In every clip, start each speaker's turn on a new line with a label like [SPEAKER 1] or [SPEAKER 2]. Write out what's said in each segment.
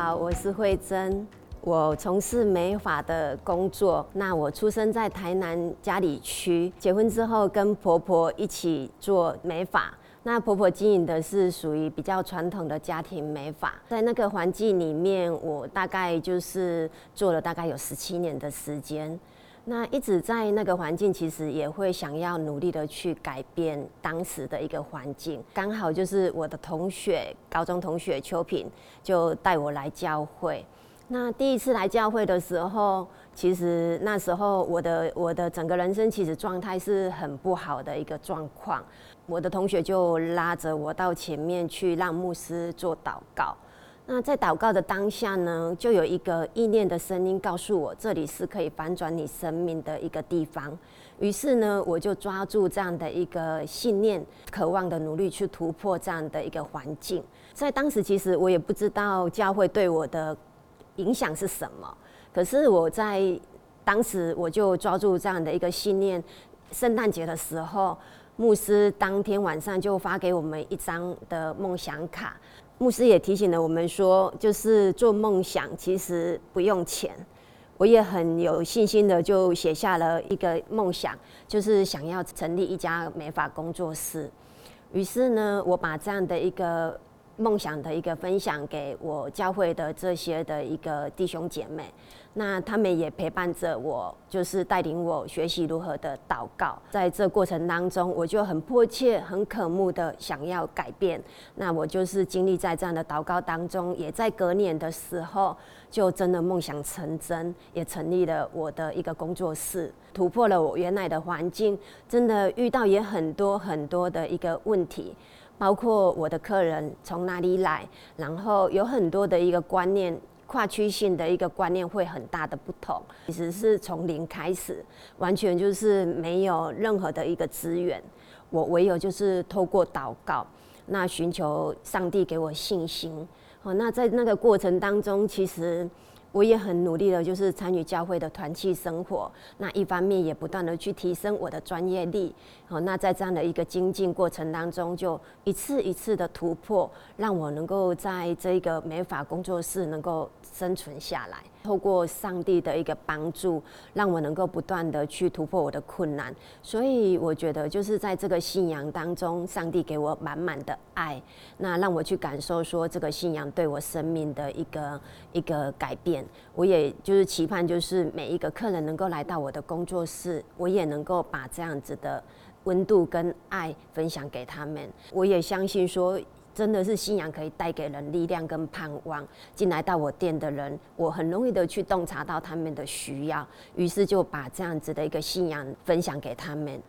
[SPEAKER 1] 好，我是卉蓁。我從事美髮的工作。那我出生在台南佳里區。結婚之後，跟婆婆一起做美髮。那婆婆經營的是屬於比較傳統的家庭美髮。在那個環境裡面，我大概就是做了大概有十七年的時間。那一直在那個環境，其實也會想要努力的去改變當時的一個環境。剛好就是我的同學，高中同學秋萍，就帶我來教會。那第一次來教會的時候，其實那時候我的我的整個人生其實狀態是很不好的一個狀況。我的同學就拉着我到前面去，讓牧師做禱告。那在禱告的當下呢，就有一個意念的聲音告訴我，這裡是可以反轉你生命的一個地方。於是呢，我就抓住這樣的一個信念，渴望的努力去突破這樣的一個環境。在當時，其實我也不知道教會對我的影響是什麼，可是我在當時我就抓住這樣的一個信念。聖誕節的時候。牧師當天晚上就發給我們一張的夢想卡，牧師也提醒了我們說，就是做夢想其實不用錢。我也很有信心的就寫下了一個夢想，就是想要成立一家美髮工作室。於是呢，我把這樣的一個。夢想的一個分享給我教會的這些的一個弟兄姐妹，那他們也陪伴着我，就是帶領我學習如何的禱告。在這過程當中，我就很迫切、很渴慕的想要改變。那我就是經歷在這樣的禱告當中，也在隔年的時候，就真的夢想成真，也成立了我的一個工作室，突破了我原來的環境。真的遇到也很多很多的一個問題。包括我的客人從哪裡來，然後有很多的一個觀念，跨區性的一個觀念會很大的不同。其實是從零開始，完全就是沒有任何的一個資源，我唯有就是透過禱告，那尋求上帝給我信心。哦，那在那個過程當中其實。我也很努力的，就是參與教會的團契生活。那一方面也不斷的去提升我的專業力。好，那在這樣的一個精進過程當中，就一次一次的突破，讓我能夠在這個美髮工作室能夠生存下來。透過上帝的一個幫助，讓我能夠不斷的去突破我的困難，所以我覺得就是在這個信仰當中，上帝給我滿滿的愛，那讓我去感受說這個信仰對我生命的一個一個改變。我也就是期盼，就是每一個客人能夠來到我的工作室，我也能夠把這樣子的溫度跟愛分享給他們。我也相信說。真的是信仰可以帶給人力量跟盼望。進來到我店的人，我很容易的去洞察到他們的需要，於是就把這樣子的一個信仰分享給他們。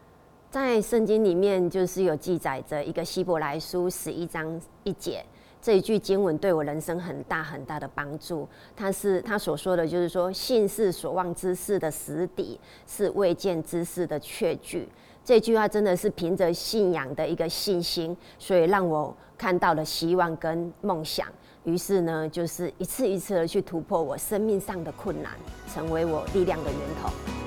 [SPEAKER 1] 在聖經裡面，就是有記載着一個希伯來書十一章一節。這一句經文對我人生很大很大的幫助。他是他所說的，就是說“信是所望之事的實底，是未見之事的確據”。這句話真的是憑着信仰的一個信心，所以讓我看到了希望跟夢想。於是呢，就是一次一次的去突破我生命上的困難，成為我力量的源頭。